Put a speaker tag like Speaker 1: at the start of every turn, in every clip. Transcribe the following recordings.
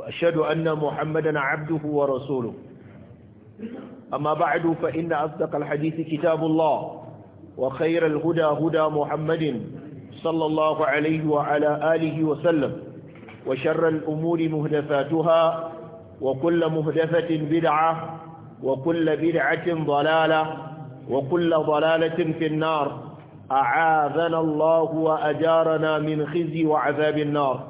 Speaker 1: وأشهد أن محمدا عبده ورسوله أما بعد فإن أصدق الحديث كتاب الله وخير الهدى هدى محمد صلى الله عليه وعلى آله وسلم وشر الأمور مهدفاتها وكل مهدفة بدعة وكل بدعة ضلالة وكل ضلالة في النار أعاذنا الله وأجارنا من خزي وعذاب النار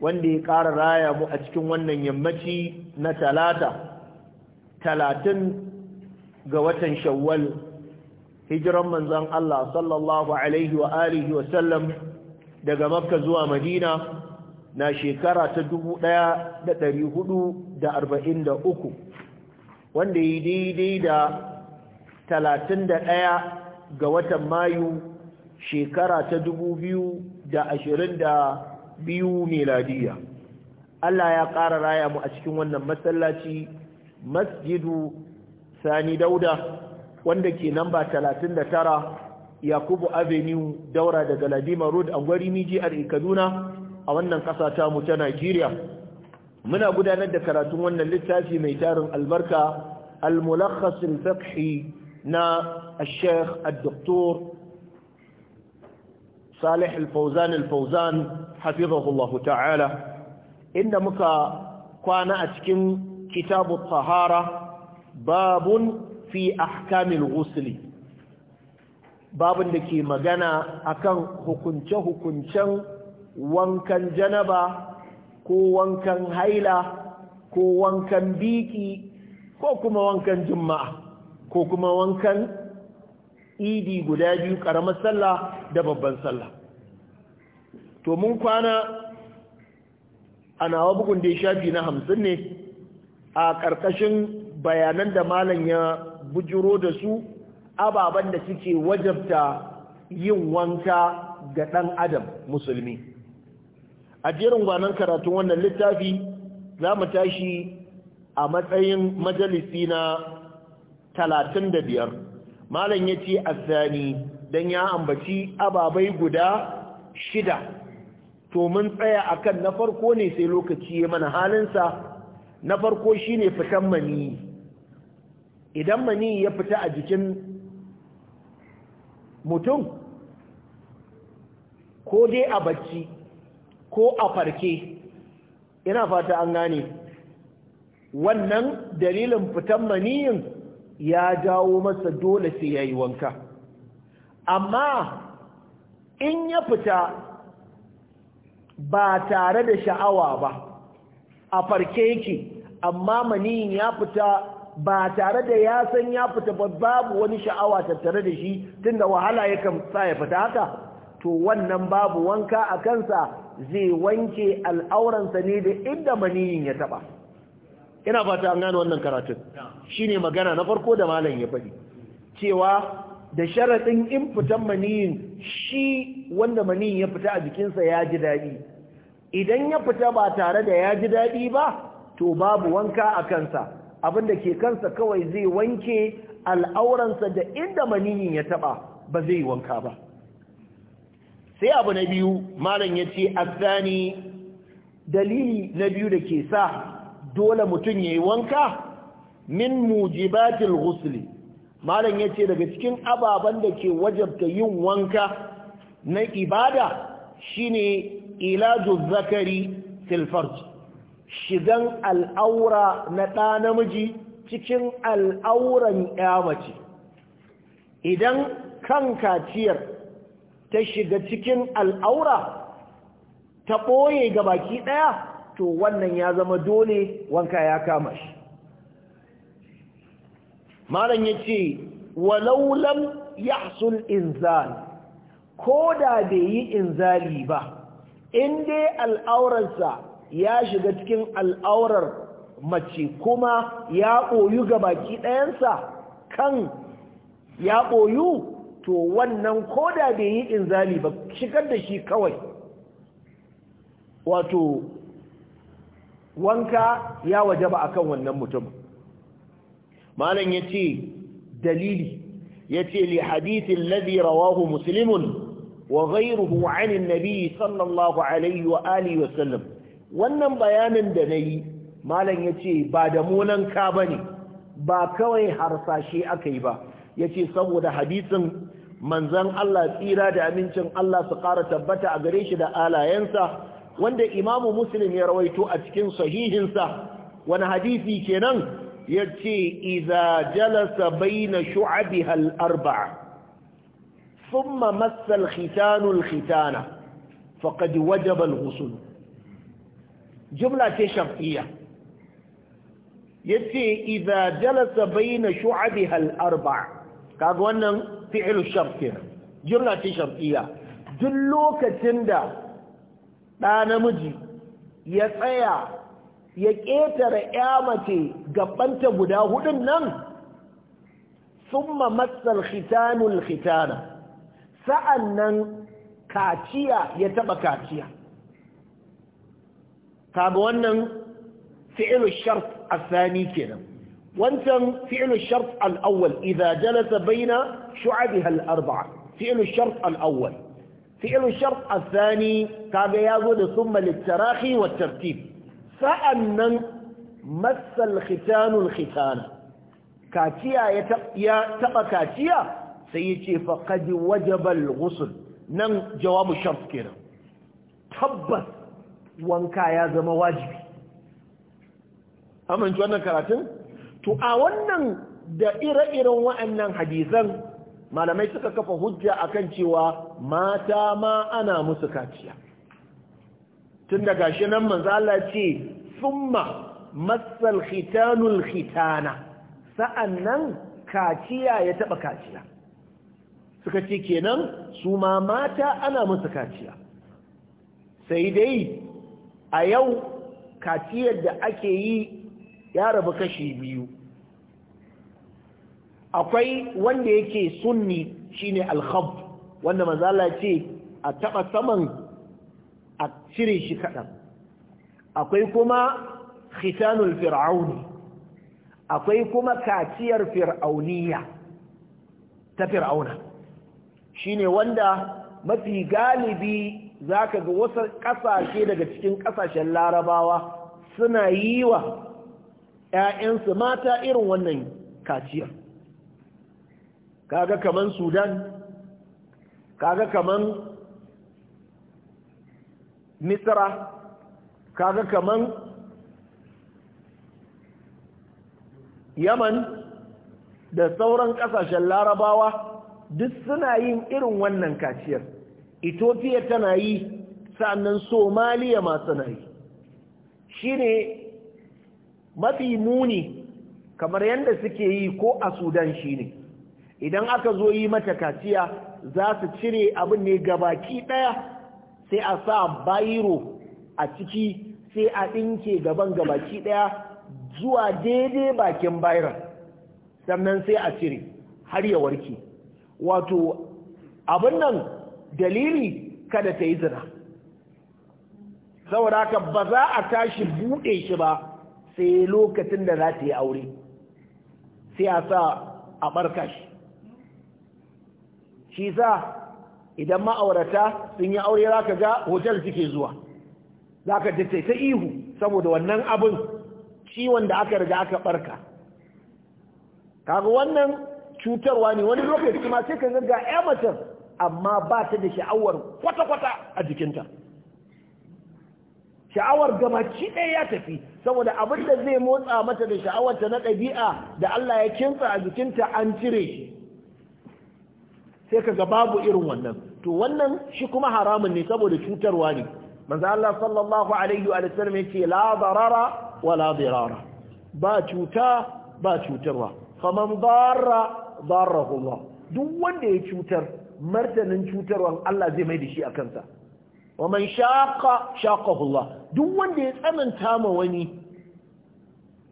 Speaker 1: wanda ya ƙara raya mu a cikin wannan yammaci na talata talatin ga watan shawwal hijiran manzan Allah sallallahu alaihi wa alihi wa sallam daga makka zuwa madina na shekara ta dubu ɗaya da da da arba'in uku, wanda yi daidai da talatin da ɗaya ga watan mayu shekara ta dubu biyu da da biyu miladiya Allah ya ƙara raya mu a cikin wannan masallaci masjidu sani dauda wanda ke namba 39 yakubu avenue daura daga ladima road a gwari miji a kaduna a wannan ƙasa ta mu ta nigeria muna gudanar da karatun wannan littafi mai tarin albarka al-mulakhas al na al-sheikh al-doktor salih al-fawzan al-fawzan hafizahullahu ta'ala inda muka kwana a cikin kitabu tahara babun fi ahkamil wusuli, babun da ke magana akan hukunce-hukuncen wankan janaba ko wankan haila ko wankan biki ko kuma wankan juma'a ko kuma wankan idi guda biyu ƙaramar sallah da babban sallah to mun kwana a nawa bugun da shafi na hamsin ne a ƙarƙashin bayanan da malam ya bujiro da su ababen da suke wajabta yin wanka ga ɗan adam musulmi a jerin gwanon karatun wannan littafi za mu tashi a matsayin majalisi na talatin da biyar malam ya ce azani don ya ambaci ababai guda shida to mun tsaya akan na farko ne sai lokaci ya mana halinsa na farko shi ne fitan mani idan mani ya fita a jikin mutum ko dai a bacci ko a farke ina fata an gane wannan dalilin fitan maniyin ya jawo masa dole sai ya yi wanka amma in ya fita ba tare da sha'awa ba a farke yake amma maniyin ya fita ba tare da ya san ya fita ba babu wani sha'awa tattare da shi tunda wahala yakan sa ya fita haka to wannan babu wanka a kansa zai wanke al'auransa ne da inda maniyin ya taba ina fata an gane wannan karatun shine magana na farko da malam ya faɗi cewa da sharaɗin in fitan maniyin shi wanda maniyin ya fita a jikinsa ya ji daɗi idan ya fita ba tare da ya ji daɗi ba to babu wanka a kansa abinda ke kansa kawai zai wanke al'auransa da inda maniyin ya taɓa ba zai wanka ba sai abu na biyu malam ya ce asani dalili na biyu da ke sa dole mutum yayi wanka min mujibatil ghusl malam yace daga cikin ababen da ke wajabta yin wanka na ibada shine ilaju zakari fil farj shigan al'aura na ɗa namiji cikin al'auran ya mace idan kan kaciyar ta shiga cikin al'aura ta ɓoye ga baki ɗaya to wannan ya zama dole wanka ya kama shi malam yace ce walau lam yahsul inzal ko da bai yi inzali ba in dai al'aurarsa ya shiga cikin al'aurar mace kuma ya koyu ga baki ɗayansa kan ya ɓoyu to wannan ko da bai yi inzali ba shigar da shi kawai wato wanka ya wajaba akan wannan mutum malam yace dalili yace li hadith alladhi rawahu muslim wa ghayruhu an an-nabi sallallahu alaihi wa alihi wa sallam wannan bayanin da nayi malam yace ba da munan ka bane ba kawai harsashe akai ba yace saboda hadisin manzan Allah tsira da amincin Allah su ƙara tabbata a gare shi da alayensa wanda imamu muslim ya rawaito a cikin sahihinsa wani hadisi kenan ya ce iza jalasa baina shu'abiha al-arba'a thumma massa al-khitanu al-khitana faqad wajaba al-ghusl jumla ce shar'iyya yace iza jalasa baina shu'abiha al-arba'a kaga wannan fi'lu shafiya. kenan jumla ce shafiya. duk lokacin da ɗa namiji ya tsaya ya ƙetare ya mace gabanta guda hudun nan summa matsal khitanul khitana sa'an nan kaciya ya taɓa kaciya kaga wannan fi'ilu shart asani kenan wancan fi'ilu shart al'awwal idza jalasa baina shu'abiha al-arba'a fi'ilu shart al'awwal fi'il shart athani kaga zo da summa litarahi wa tartib Sa'an nan matsal khitan khitan kaciya ya taɓa kaciya sai yace faqad wajaba al-ghusl nan jawabu shart kenan tabbas wanka ya zama wajibi amince wannan karatun to a wannan da ire-iren wa'annan hadisan malamai suka kafa hujja akan cewa mata ma ana musu kaciya tun daga shi nan manzo Allah ce summa matsal khitanul khitana sa'annan kaciya ya taɓa kaciya suka ce kenan su ma mata ana musu kaciya sai dai a yau kaciyar da ake yi ya rabu kashi biyu akwai wanda yake sunni shine al-khab wanda manzala ce a taba saman a cire shi kadan akwai kuma khitanul fir'auni akwai kuma kaciyar fir'auniya ta fir'auna shine wanda mafi galibi zaka ga wasu kasashe daga cikin kasashen larabawa suna yi wa ‘ya'yansu mata irin wannan kaciyar kaga kaman sudan kaga kaman misra kaga kaman yaman da sauran kasashen larabawa duk suna yin irin wannan kaciyar ethiopia tana yi sannan somaliya ma suna yi shine mafi muni kamar yadda suke yi ko a sudan shine idan aka zo yi mata kaciya za su cire abin ne gabaki ɗaya sai a sa bayiro a ciki sai a ɗinke gaban gabaki ɗaya zuwa daidai bakin bayiron sannan sai a cire har ya warke wato abin nan dalili kada ta yi zina saboda haka ba za a tashi buɗe shi ba sai lokacin da za ta yi aure sai a sa a ɓarka shi shi idan ma'aurata sun yi aure za ka ga hotel suke zuwa za ka ta ihu saboda wannan abin ciwon da aka riga aka barka kaga wannan cutarwa ne wani lokaci ma sai ka ga ya mace amma ba ta da sha'awar kwata-kwata a jikinta sha'awar gabaci ɗaya ya tafi saboda abin da zai motsa mata da sha'awarta na ɗabi'a da Allah ya kinsa a jikinta an cire shi sai kaga babu irin wannan to wannan shi kuma haramun ne saboda cutarwa ne manzo Allah sallallahu alaihi wa sallam yace la darara wa la dirara ba cuta ba cutarwa faman darra darahu Allah duk wanda ya cutar martanin cutarwan Allah zai mai da shi a kansa wa man shaqa shaqahu Allah duk wanda ya tsananta ma wani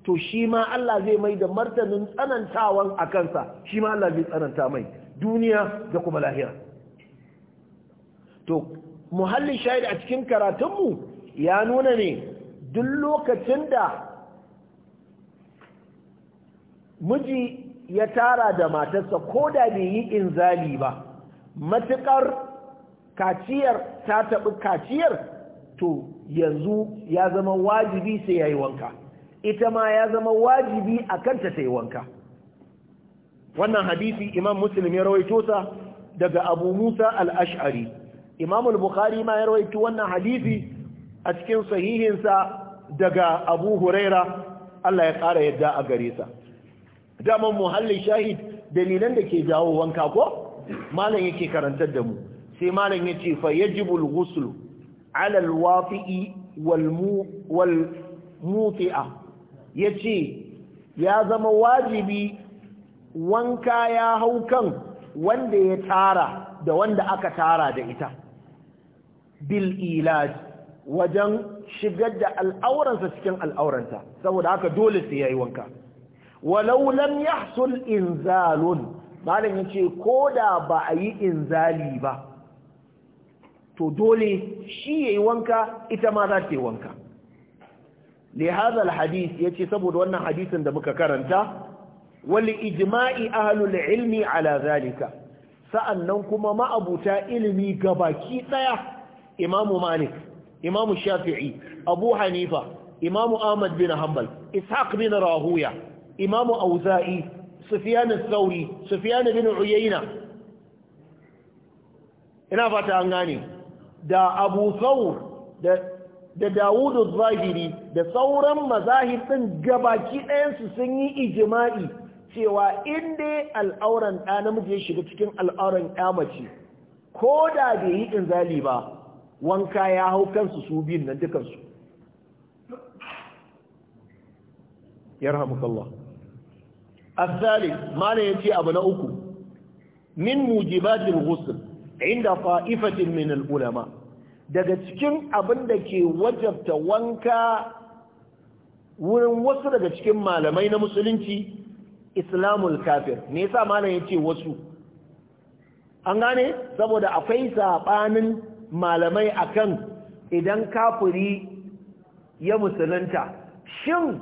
Speaker 1: to shi ma Allah zai mai da martanin tsanantawan a kansa shi ma Allah zai tsananta mai duniya da kuma lahira to muhallin shayid a cikin karatunmu ya nuna ne duk lokacin da miji ya tara da matarsa ko da bai yi inzali ba matuƙar kaciyar ta taɓi kaciyar to yanzu ya zama wajibi sai ya yi wanka ita ma ya zama wajibi a kanta ta yi wanka wannan hadisi imam muslim ya rawaito daga abu musa al-ash'ari imam al-bukhari ma ya rawaito wannan hadisi a cikin sahihinsa daga abu huraira Allah ya ƙara yadda a gare sa daman muhallin shahid dalilan da ke jawo wanka ko malam yake karantar da mu sai malam yace fa yajibul ghusl ala al-wafi'i wal yace ya zama wajibi wanka ya hau kan wanda ya tara da wanda aka tara da ita bil ilaj wajen shigar da al'auransa cikin al'auranta saboda haka dole sai yi wanka walau lam yahsul inzalun malam yace da ba a yi inzali ba to dole shi yayi wanka ita ma za ta yi wanka li hadis ya ce saboda wannan hadisin da muka karanta wal ijma'i ahlul ilmi ala zalika nan kuma ma'abuta ilimi gabaki daya imamu malik imamu shafi'i abu hanifa imamu ahmad bin hanbal ishaq bin rahuya imamu auza'i sufyan al-thawri bin uyayna ina fata an gane da abu thawr da Dawudu Zahiri da sauran mazahib din gabaki ɗayansu sun yi ijima'i cewa in dai al'auran ɗa namiji ya shiga cikin al'auran ɗa mace ko da bai yi inzali ba wanka ya hau kansu su biyun nan dukansu yarhamukallah asali mana ya ce abu na uku min mujibatin ghusl inda fa'ifatin min al'ulama daga cikin abin da ke wajabta wanka wurin wasu daga cikin malamai na musulunci islamul kafir me yasa malam yace wasu an gane saboda akwai sabanin malamai akan idan kafiri ya musulunta shin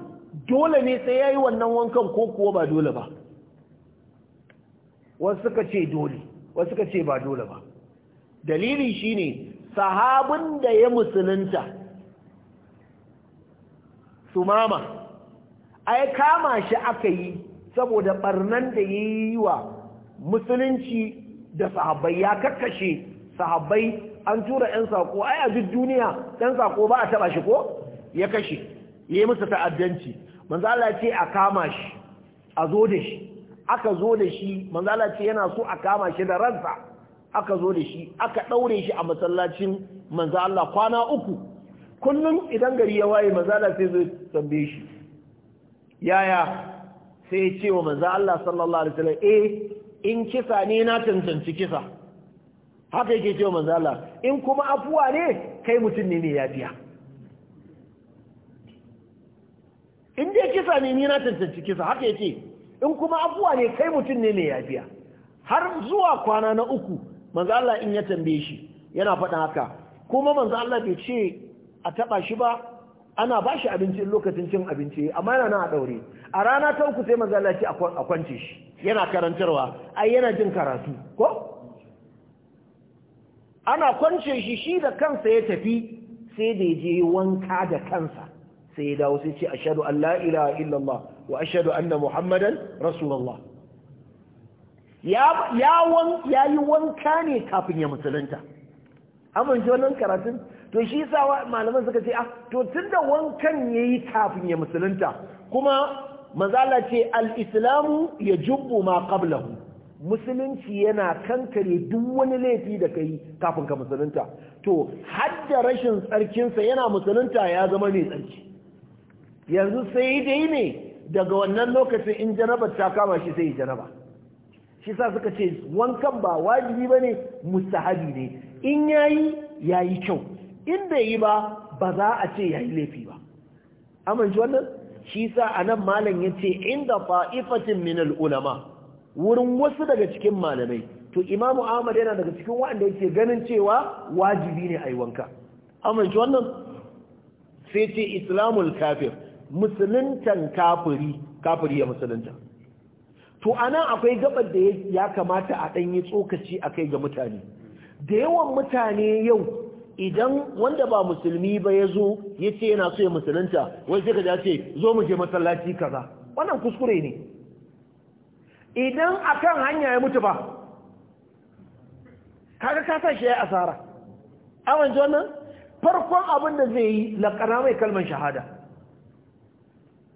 Speaker 1: dole ne sai yayi wannan wankan ko kuwa ba dole ba wasu suka ce dole wasu suka ce ba dole ba dalili shine sahabin da ya musulunta sumama ai kama shi aka yi saboda barnan da ya yi wa musulunci da sahabbai ya kakkashe sahabbai an tura 'yan sako ai a duk duniya 'yan sako ba a taɓa shi ko ya kashe ya yi musu ta'addanci manzala ce a kama shi a zo da shi aka zo da shi manzala ce yana so a kama shi da ransa aka zo da shi aka ɗaure shi a masallacin manzala kwana uku kullum idan gari ya waye manzala sai zai tambaye shi yaya sai ya ce wa manzo Allah sallallahu alaihi wasallam eh in kisa ne na tantance kisa haka yake cewa manzo Allah in kuma afuwa ne kai mutum ne ne biya?" in dai kisa ne ni na tantance kisa haka yake in kuma afuwa ne kai mutum ne ne biya." har zuwa kwana na uku manzo Allah in ya tambaye shi yana faɗin haka kuma manzo Allah bai ce a taba shi ba ana ba shi abinci lokacin cin abinci amma yana nan a daure a rana ta uku sai manzo Allah a kwance shi yana karantarwa ai yana jin karatu ko ana kwance shi shi da kansa ya tafi sai da je wanka da kansa sai ya dawo sai ce ashhadu an la ilaha illallah wa ashhadu anna muhammadan rasulullah ya ya yi wanka ne kafin ya musulunta amince wannan karatun to shi yasa malaman suka ce ah to tunda wankan yayi kafin ya musulunta kuma mazala ce al-islamu yajubbu ma qablahu musulunci yana kankare duk wani laifi da kai kafin ka musulunta to hadda rashin tsarkinsa yana musulunta ya zama mai tsarki yanzu sai dai ne daga wannan lokacin in janabar ta kama shi sai janaba shi sa suka ce wankan ba wajibi bane mustahabi ne in yayi yayi kyau in bai yi ba ba za a ce ya yi laifi ba amince wannan shi sa nan malam ya ce, inda fa'ifatin min ulama wurin wasu daga cikin malamai to imamu ahmad yana daga cikin waɗanda yake ganin cewa wajibi ne a yi wanka amince wannan sai ce islamul kafir musuluntan kafiri kafiri ya musulunta to a nan akwai gabar da ya kamata a ɗanyi tsokaci a kai ga mutane da yawan mutane yau idan wanda ba musulmi ba ya zo ya ce yana so ya musulunta wai sai ka ce zo mu je masallaci kaza wannan kuskure ne idan akan hanya ya mutu ba kaga ka shi ya asara awan ji wannan farkon abin da zai yi laƙana mai kalmar shahada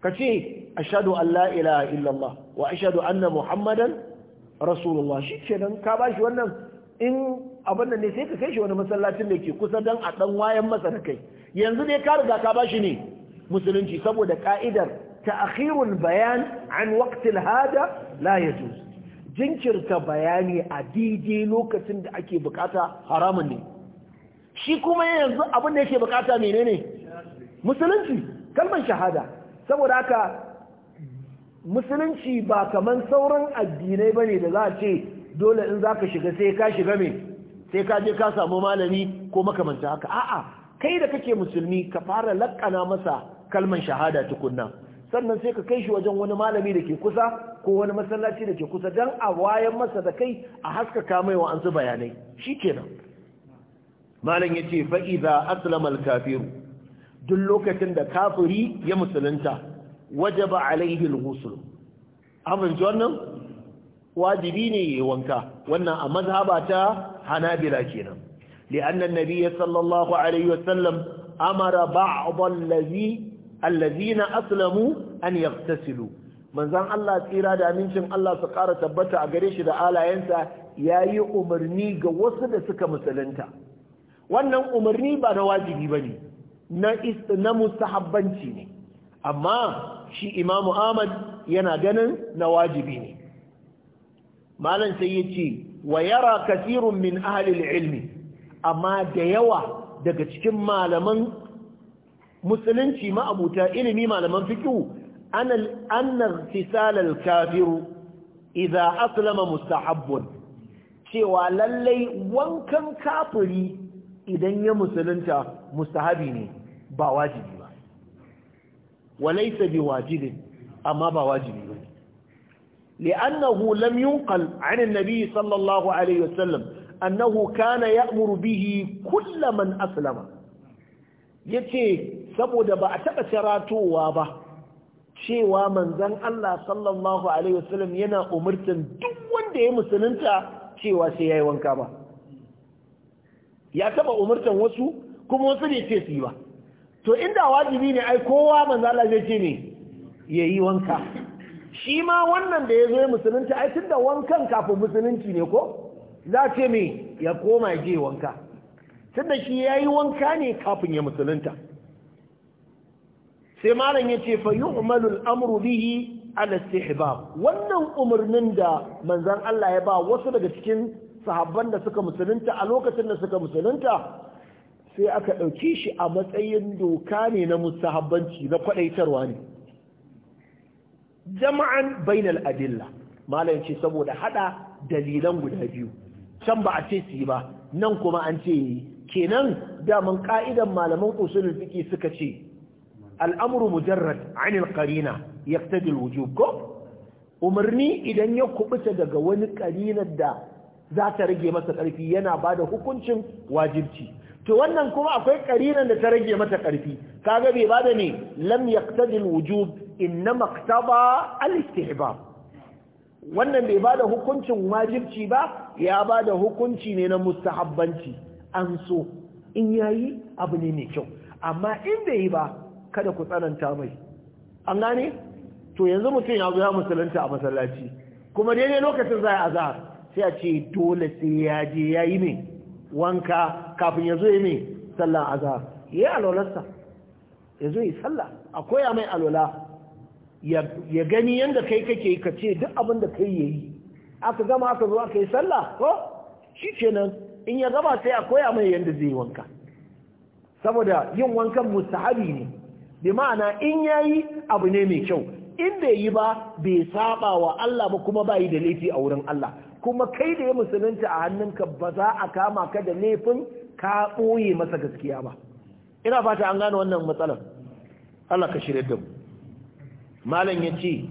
Speaker 1: ka ce ashadu an la illallah wa ashadu anna muhammadan rasulullah shi ke ka ba shi wannan in abin ne sai ka kai shi wani masallacin da ke kusa don a ɗan wayan masa da kai yanzu dai ka riga ka bashi ne musulunci saboda ka'idar akhirun bayan an waktil hada la jinkirta bayani a daidai lokacin da ake bukata haramun ne shi kuma yanzu abin da yake bukata menene musulunci kalmar shahada saboda haka musulunci ba kaman sauran addinai bane da za a ce dole in za ka shiga sai ka shiga mai sai ka je ka samu malami ko makamanta haka a'a kai da kake musulmi ka fara lakana masa kalman shahada tukunna sannan sai ka kai shi wajen wani malami da ke kusa ko wani masallaci da ke kusa don a wayan masa da kai a haskaka mai wa an bayanai shi kenan malam ya ce fa'iza aslamal kafiru duk lokacin da kafiri ya musulunta wajaba alaihi al-ghusl abin wannan wajibi ne yayi wanka wannan a mazhaba ta hanabila kenan Li'annan an-nabiy sallallahu alaihi wasallam amara ba'd allazi allazina aslamu an yaghtasilu manzon Allah tsira da amincin Allah su ƙara tabbata a gare shi da alayensa yayi umarni ga wasu da suka musulunta wannan umarni ba na wajibi bane na na mustahabbanci ne amma shi Imam Ahmad yana ganin na wajibi ne malam sai ya ce wa yara kasirun min ahalil ilmi amma da yawa daga cikin malaman musulunci ma'abuta ilimi malaman fikihu annar fisalar kafiru idan aslama mustahabbun cewa lallai wankan kafiri idan ya musulunta mustahabi ne ba wajibi ba walaisa bi wajibin amma ba wajibi ba لأنه لم ينقل عن النبي صلى الله عليه وسلم أنه كان يأمر به كل من أسلم ba سبود بأتبت راتوا به cewa manzan Allah sallallahu Alaihi wasallam yana umurtan duk wanda ya musulunta cewa sai ya yi wanka ba ya taba umurtan wasu kuma wasu ne ce su yi ba to inda wajibi ne ai kowa manzan Allah zai ce ne ya yi wanka shi ma wannan da ya zo musulunci ai tun da wankan kafin musulunci ne ko za ce me ya koma je wanka tun da shi ya yi wanka ne kafin ya musulunta sai malam ya ce fa yu'malul amru bihi ala istihbab wannan umarnin da manzon Allah ya ba wasu daga cikin sahabban da suka musulunta a lokacin da suka musulunta sai aka ɗauki shi a matsayin doka ne na musahabbanci na kwaɗaitarwa ne jama'an bainal adilla malam ce saboda hada dalilan guda biyu can ba a ce su yi ba nan kuma an ce yi kenan daman ka'idan malaman usulul fiqi suka ce al'amru mujarrad 'anil qarina yaqtadi alwujub ko umarni idan ya kubuta daga wani qarinar da za ta rage masa karfi yana bada hukuncin wajibci to wannan kuma akwai qarinar da ta rage mata karfi kaga bai bada ne lam yaqtadi alwujub wujub inna maktaba al-istihbab wannan bai bada hukuncin wajibci ba ya bada hukunci ne na mustahabbanci an so in yayi abu ne mai kyau amma in bai yi ba kada ku tsananta mai an gane to yanzu mutum ya zo ya musulunta a masallaci kuma daidai lokacin za a azhar sai a ce dole sai ya je ya mai wanka kafin ya zo ya mai sallan azhar ya yi ya zo yi sallah a koya mai alwala ya gani yadda kai kake ka ce duk abin da kai yayi aka gama aka zo aka yi sallah ko shi kenan in ya gama sai a koya mai yadda zai wanka saboda yin wankan mustahabi ne bi ma'ana in yayi abu ne mai kyau in bai yi ba bai saba wa Allah ba kuma bai da laifi a wurin Allah kuma kai da ya musulunta a hannunka ba za a kama ka da laifin ka ɓoye masa gaskiya ba ina fata an gane wannan matsalar Allah ka shirya da mu malam ya ce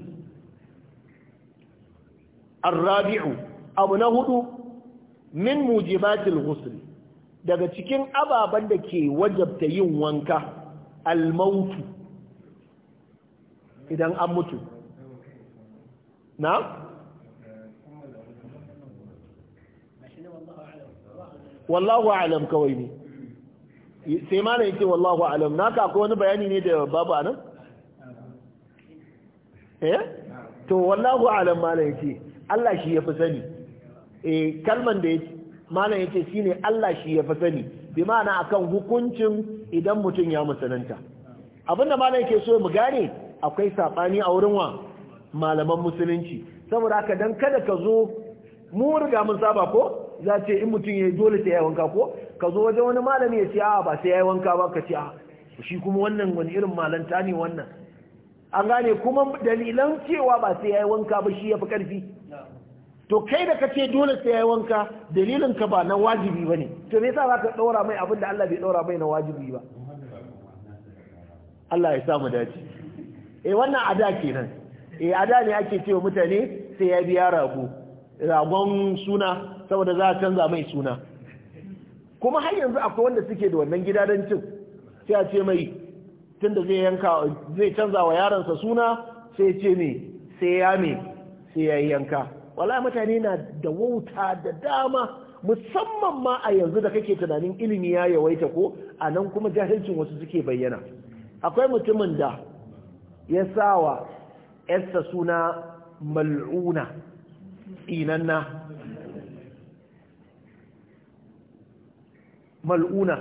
Speaker 1: arrabi'u abu na hudu min mujibatil ghusl daga cikin ababen da ke wajabta yin wanka almautu idan an mutu na? wallahu alam kawai ne sai ma na yake wallahu alam naka akwai wani bayani ne da babu anan? eh to wallahu alam malam yace Allah shi ya sani eh kalman da yace malam yace shine Allah shi yafi sani bi ma'ana akan hukuncin idan mutum ya musulunta abinda malam yake so mu gane akwai sabani a wurin wa malaman musulunci saboda haka dan kada ka zo mu riga mun saba ko za ce in mutum ya dole sai ya wanka ko ka zo wajen wani malami ya ce a ba sai ya wanka ba ka ce a shi kuma wannan wani irin malanta ne wannan an gane kuma dalilan cewa ba sai ya yi wanka ba shi yafi fi ƙarfi to kai da ka ce dole sai ya yi wanka dalilin ka ba na wajibi ba ne to me yasa za ka ɗora mai abin da Allah bai ɗora mai na wajibi ba Allah ya samu dace eh wannan ada kenan eh ada ne ake cewa mutane sai ya biya rago ragon suna saboda za a canza mai suna kuma har yanzu akwai wanda suke da wannan gidadancin sai a ce mai tunda zai yanka zai canza wa yaransa suna sai ce me sai ya me sai ya yanka wallahi mutane na da wauta da dama musamman ma a yanzu da kake tunanin ilimi ya yawaita ko a nan kuma jahilcin wasu suke bayyana akwai mutumin da ya sawa yarsa suna mal'una tsinanna mal'una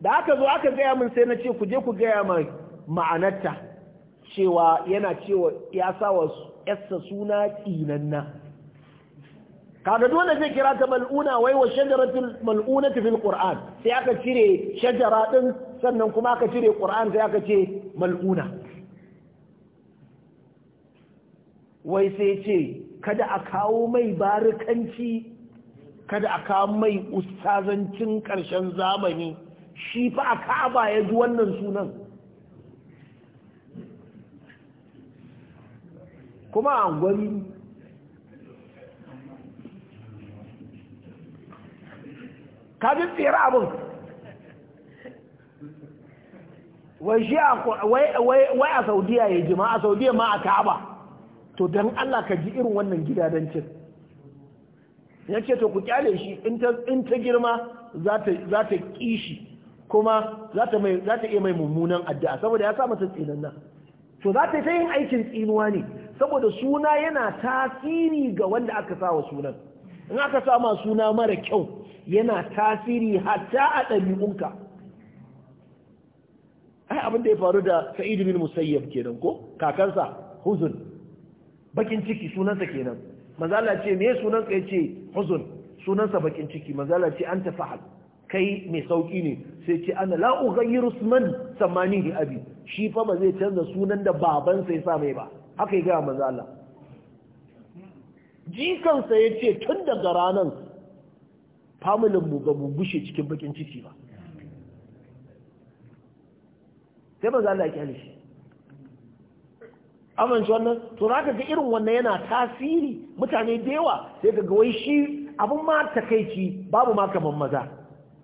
Speaker 1: da aka zo aka gaya min sai na ce ku je ku gaya ma ma'anarta cewa yana cewa ya sa wa yassa suna tinanna kaga dole zai kira ta mal'una wai wa shajaratul mal'una fil qur'an sai aka cire shajara din sannan kuma aka cire qur'an sai aka ce mal'una wai sai ce kada a kawo mai barikanci kada a kawo mai ustazancin karshen zamani shi fa a ka'aba ya ji wannan sunan kuma a gwani bi tsira abin wai a saudiya ya ji ma a saudiya ma a ka'aba to don allah ka ji irin wannan gidadancin ya ce to ku kyale shi in ta girma za ta kishi kuma za ta iya mai mummunan addu'a saboda ya sa tsinan nan to za ta yin aikin tsinuwa ne saboda suna yana tasiri ga wanda aka sa wa sunan in aka sa ma suna mara kyau yana tasiri hatta a ɗabi'unka ai abin da ya faru da sa'idu bin musayyab kenan ko kakansa huzun bakin ciki sunansa kenan manzala ce me sunansa yace huzun sunansa bakin ciki manzala ce an tafahal kai mai sauki ne sai ce ana la ughayyiru usman da abi shi fa ba zai canza sunan da babansa ya sa mai ba haka yi gaya manzo Allah jikansa ya ce tun daga ranar familinmu ga mu bushe cikin bakin ciki ba sai ba ya kyale shi amince wannan to za ka ga irin wannan yana tasiri mutane da yawa sai ka ga wai shi abin ma takaici babu ma kaman maza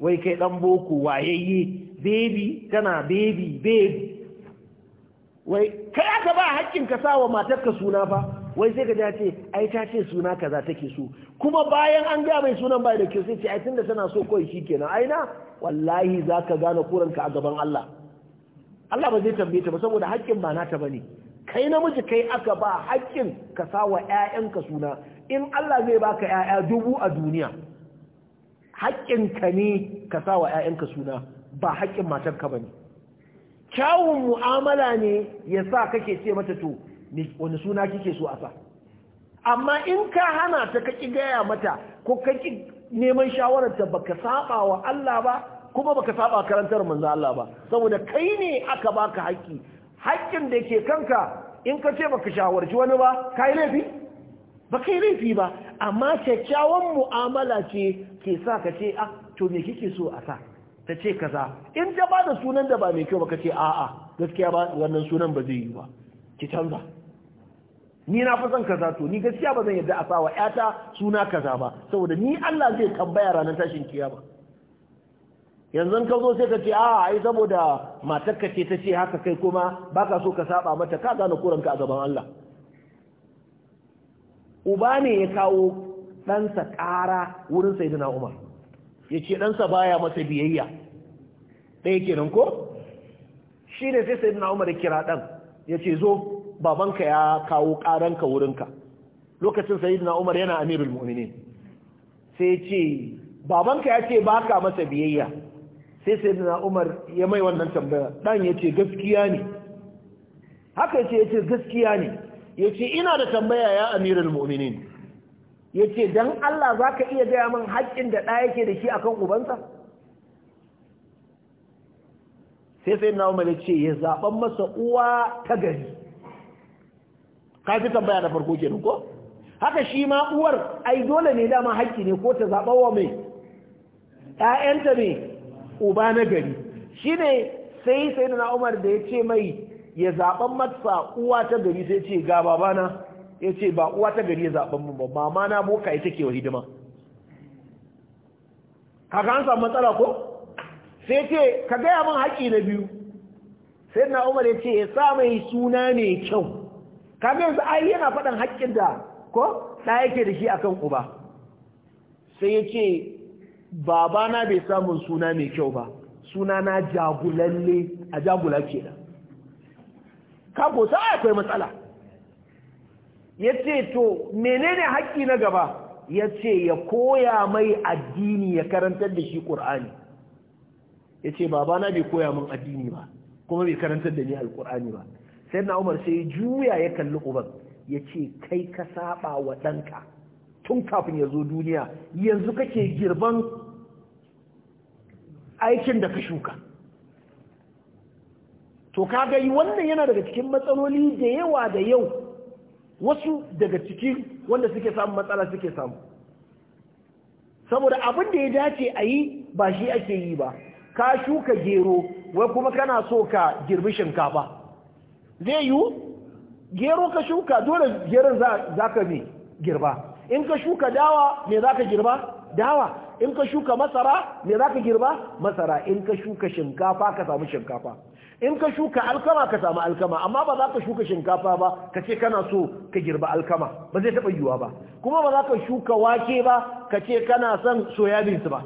Speaker 1: wai kai dan boko wayayye baby kana baby baby wai kai aka ba hakkin ka sawa matarka suna ba? wai sai ka ce ai ta ce suna kaza take so kuma bayan an ga mai sunan bai da ke sai ce ai tunda tana so kawai shikenan ai na wallahi zaka gane ka a gaban Allah Allah ba zai tambaye ta ba saboda haƙƙin ba nata bane kai namiji kai aka ba hakkin ka sawa ƴaƴanka suna in Allah zai baka ƴaƴa dubu a duniya ka ne ka sa wa 'ya'yanka suna ba haƙƙin matarka ba ne kyawun mu'amala ne ya sa kake ce mata to wani suna kike so a sa amma in ka hana ta kaki gaya mata ko kaki neman shawararta ka saba wa Allah ba kuma ba ka saba karantar manzan Allah ba saboda kai ne aka baka haƙƙi haƙƙin da ke kanka in ka ce baka shawarci wani ba ka yi laifi ba ka yi laifi ba amma kyakkyawan mu'amala ce ke sa ka ce a? Ah, to me kike so a sa ta ce kaza in ta ba da sunan da ba mai kyau ba ka ce a'a gaskiya ba wannan sunan ba zai yi ba ki canza ni na fa san kaza to ni gaskiya ba zan yadda a sa wa yata suna kaza ba saboda ni Allah zai tambaya ranar tashin kiyama yanzu ka zo sai ka ce a ai saboda matarka ce ta ce haka kai kuma baka so ka saba mata ka gane kuranka a gaban Allah uba ne ya kawo ɗansa ƙara wurin sayyidina umar ya ce ɗansa baya masa biyayya ɗaya kenan ko shi ne sai sayyidina umar ya kira ɗan ya ce zo babanka ya kawo ƙaranka wurinka lokacin sayyidina umar yana amirul mu'minin sai ya ce babanka ya ce baka masa biyayya sai sayyidina umar ya mai wannan tambaya ɗan ya ce gaskiya ne haka ce ya ce gaskiya ne ya ce ina da tambaya ya amiral mu'minin ya ce don Allah za ka iya gaya min haƙƙin da ɗaya yake da shi a kan ubansa sai sai na umar ya ce ya zaɓen masa uwa ta gari ka fi tambaya da farko kenan ko haka shi ma uwar ai dole ne dama haƙƙi ne ko ta zaɓa wa mai ‘ya'yanta ne uba na gari shi ne sai sai na umar da ya ce mai ya zaban matsa uwa ta gari sai ce ga babana ya ce ba uwa ta gari ya zaɓan mu ba mama na boka ita ke wa hidima kaga an samu matsala ko sai ce ka gaya min haƙi na biyu sai na umar ya ce ya sa mai suna ne kyau kaga yanzu ai yana faɗin haƙƙin da ko na yake da shi akan uba sai ya ce babana bai samun suna mai kyau ba suna na jagulalle a jagula kenan kago ta akwai matsala ya ce to menene haƙƙi na gaba ya ce ya koya mai addini ya karantar da shi ƙur'ani ya ce babana bai koya min addini ba kuma bai karantar da ni alƙur'ani ba sai umar sai juya ya kalli uban ya ce kai ka saba wa ɗanka tun kafin ya zo duniya yanzu kake girban aikin da ka shuka to kaga yi wannan yana daga cikin matsaloli da yawa da yau wasu daga ciki wanda suke samu matsala suke samu saboda abin da ya dace a yi ba shi ake yi ba ka shuka gero wai kuma kana so ka girbi shinkafa zai yiwu gero ka shuka dole geron za ka mai girba in ka shuka dawa me za ka girba dawa in ka shuka masara me za ka girba masara in ka shuka shinkafa ka samu shinkafa in ka shuka alkama ka samu alkama amma ba za ka shuka shinkafa ba ka ce kana so ka girba alkama ba zai taɓa yiwuwa ba kuma ba za ka shuka wake ba ka ce kana son soyabins ba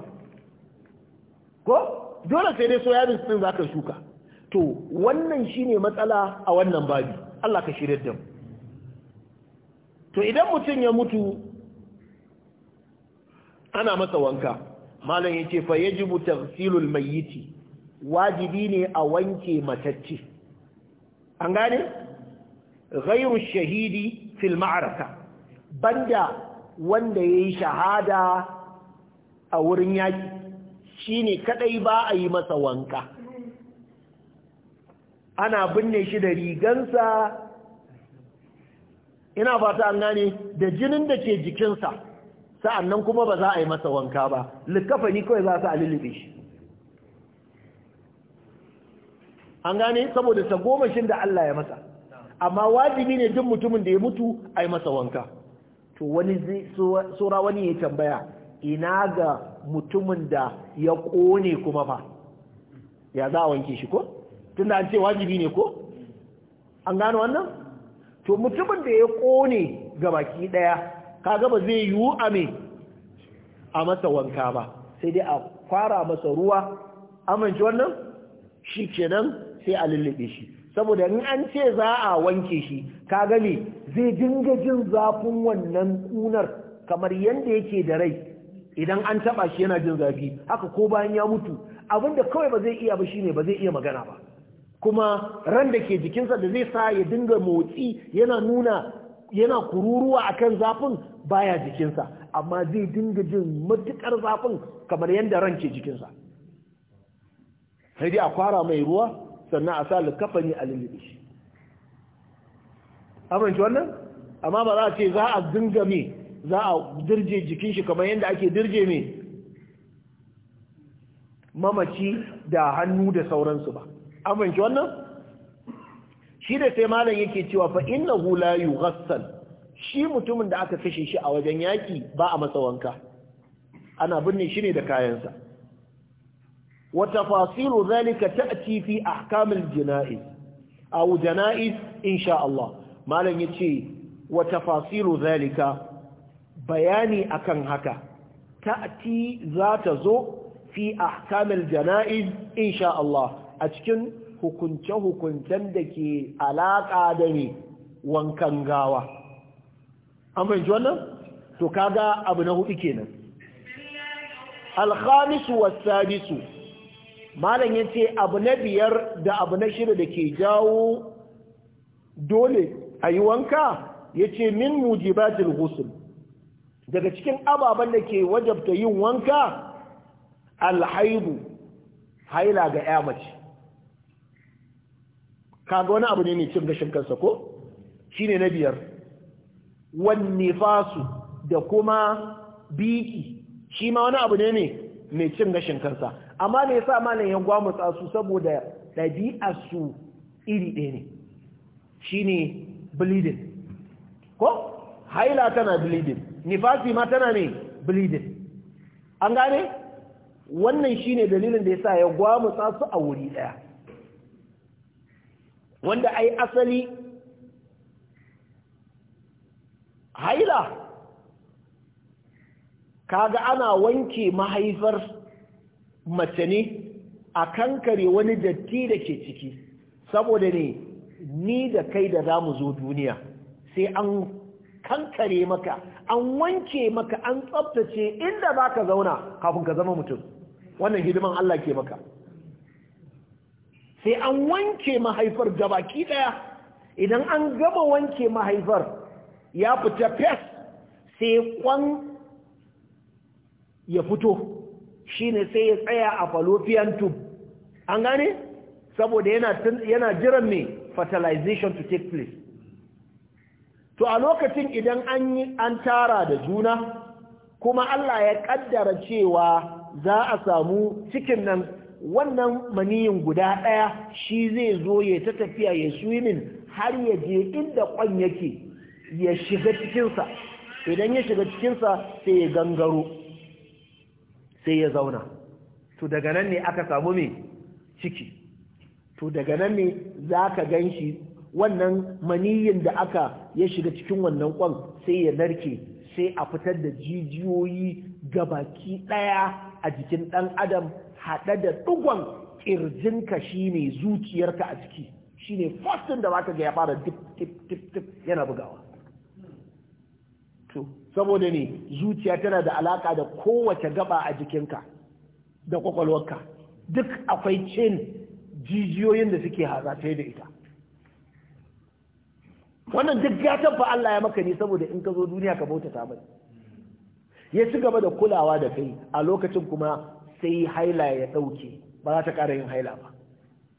Speaker 1: ko dole sai dai soyabins ɗin za ka shuka to wannan shine matsala a wannan babi Allah ka shirya da to idan mutum ya mutu ana masa wanka malam ya ce fa yajibu tafsilul mayyiti wajibi ne a wanke matacce an gane ghairu shahidi fil ma'araka banda wanda yayi shahada a wurin yaki shine kadai ba a yi masa wanka ana binne shi da rigansa ina fata an gane da jinin da ke jikinsa sa'annan kuma ba za a yi masa wanka ba likafani kawai za su alilube shi an gane saboda sa goma shin da Allah ya masa amma wajibi ne duk mutumin da ya mutu a yi masa wanka to wani tsora wani ya tambaya ina ga mutumin da ya kone kuma fa ya za a wanke shi ko tunda an ce wajibi ne ko an gano wannan to mutumin da ya kone ga baki daya kaga ba zai yiwu a me a masa wanka ba sai dai a fara masa ruwa amince wannan shi kenan sai a lullube shi saboda in an ce za a wanke shi ka ne zai dinga jin zafin wannan kunar kamar yadda yake da rai idan an taba shi yana jin zafi haka ko bayan ya mutu abinda kawai ba zai iya ba shine ba zai iya magana ba kuma ran da ke jikinsa da zai sa ya dinga motsi yana nuna yana kururuwa akan zafin baya jikinsa amma zai dinga jin matukar zafin kamar yadda ran ke jikinsa sai dai a kwara mai ruwa sannan a sa likafani a lullube shi amince wannan amma ba za a ce za a dinga me za a dirje jikin shi kamar yadda ake dirje me mamaci da hannu da sauransu ba amince wannan shi da sai malam yake cewa fa innahu la yughassal shi mutumin da aka kashe shi a wajen yaki ba a masa wanka ana binne shi ne da kayansa وتفاصيل ذلك تأتي في أحكام الجنائز أو جنائز إن شاء الله ما لن يتشي وتفاصيل ذلك بياني أكن هكا تأتي ذات زو في أحكام الجنائز إن شاء الله أتكن hukunce hukuncen da ke alaƙa da ne wankan gawa an fahimci wannan to kaga abu na hudu kenan alkhamisu wasabisu malam ya ce abu na biyar da abu na shida da ke jawo dole a yi wanka ya ce min mujibatul ghusl daga cikin ababen da ke wajabta yin wanka Alhaibu, haila ga ya mace kaga wani abu ne mai cin gashin kansa ko shi ne na biyar wanne fasu da kuma biki shi ma wani abu ne mai cin gashin kansa amma me yasa malam ya gwamutsa su saboda ɗabi'ar su iri ɗaya ne shine bleeding ko haila tana bleeding nifasi ma tana ne bleeding an gane wannan shine dalilin da yasa ya gwamutsa su a wuri ɗaya wanda ai asali haila kaga ana wanke mahaifar mace ne a kankare wani datti da ke ciki saboda ne ni da kai da za mu zo duniya sai an kankare maka an wanke maka an tsabtace inda za ka zauna kafin ka zama mutum wannan hidiman Allah ke maka sai an wanke mahaifar gabaki daya idan an gama wanke mahaifar ya fita fes sai kwan ya fito shine sai ya tsaya a fallopian tube an gane saboda yana jiran mai fertilization to take place to a lokacin idan an yi an tara da juna kuma Allah ya kaddara cewa za a samu cikin nan wannan maniyin guda ɗaya shi zai zo ya ta tafiya ya swimming har ya je inda kwan yake ya shiga cikinsa idan ya shiga cikinsa sai ya gangaro sai ya zauna to daga nan ne aka samu mai ciki to daga nan ne za ka gan shi wannan maniyin da aka ya shiga cikin wannan kwan sai ya narke sai a fitar da jijiyoyi gabaki ɗaya a jikin ɗan adam haɗe da kirjin ƙirjinka shi ne zuciyarka a ciki shi ne fostin da baka ga ya fara dip tip tip tip yana bugawa to saboda ne zuciya tana da alaka da kowace gaba a jikinka da kwakwalwarka duk akwai cin jijiyoyin da suke hazafe da ita wannan duk ya tabba Allah ya maka ne saboda in ka zo duniya ka bautata mai ya ci gaba da kulawa da kai a lokacin kuma sai haila ya ɗauke ba za ta ƙara yin haila ba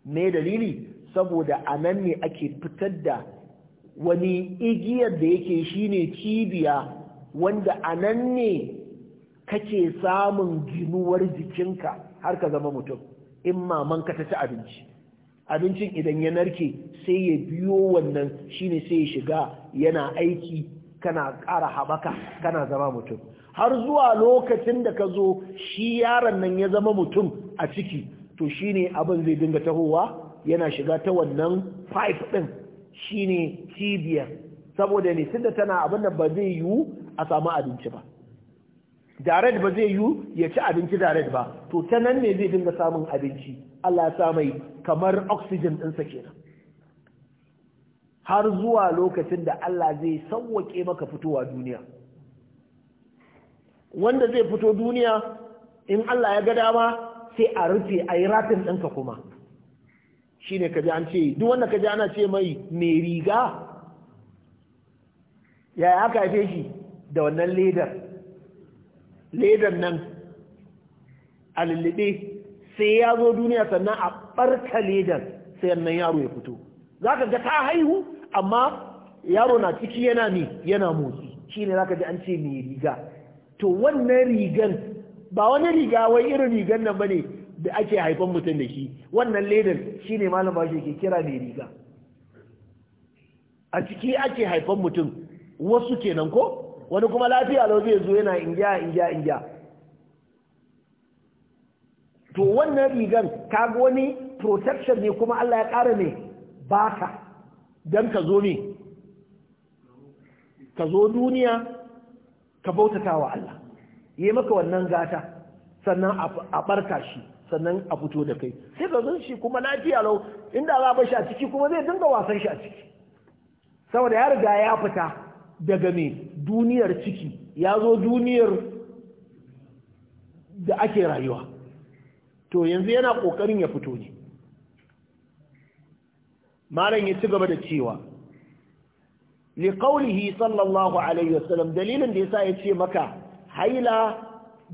Speaker 1: me dalili saboda a nan ne ake fitar da wani igiyar da yake shine cibiya wanda a ne kake samun ginuwar jikinka har ka zama mutum in mamanka ta ci abinci abincin idan ya narke sai ya biyo wannan shine sai ya shiga yana aiki kana ƙara haɓaka kana zama mutum har zuwa lokacin da ka zo shi yaron nan ya zama mutum a ciki to shine abin zai dinga tahowa yana shiga ta wannan pipe ɗin shine cibiyar saboda ne tunda tana abin da ba zai yiwu a samu abinci ba dared ba zai yi ya ci abinci dared ba to ta nan ne zai dinga samun abinci Allah ya sa mai kamar oxygen ɗinsa kenan har zuwa lokacin da Allah zai sauwake maka fitowa duniya wanda zai fito duniya in Allah ya ga dama sai a rufe a yi rafin ɗinka kuma shi ne kaji an ce duk wanda ka ji ana ce mai mai riga yaya aka haife shi da wannan ledar ledar nan a lullube sai ya zo duniya sannan a ɓarka ledar sai nan yaro ya fito za ka ga ta haihu amma yaro na ciki yana ne yana motsi shi ne za ka ji an ce mai riga to wannan rigan ba wani riga wai irin rigan nan ba ne da ake haifan mutum da shi wannan ledar shi ne malam ba ke kira mai riga a ciki ake haifan mutum wasu kenan ko wani kuma lafiya lau zai zo yana ingiya ingiya ingiya to wannan rigan ga wani protection ne kuma Allah ya ƙara ne baka don ka zo ne ka zo duniya ka bautata wa Allah yi maka wannan gata sannan a barka shi sannan a fito da kai sai ka zo shi kuma lafiya lau inda za a shi a ciki kuma zai dinga wasan shi a ciki saboda ya riga ya fita daga me duniyar ciki ya zo duniyar da ake rayuwa to yanzu yana ƙoƙarin ya fito ne malam ya ci gaba da cewa liƙaunihi sallallahu alaihi wasallam dalilin da ya sa ya ce maka haila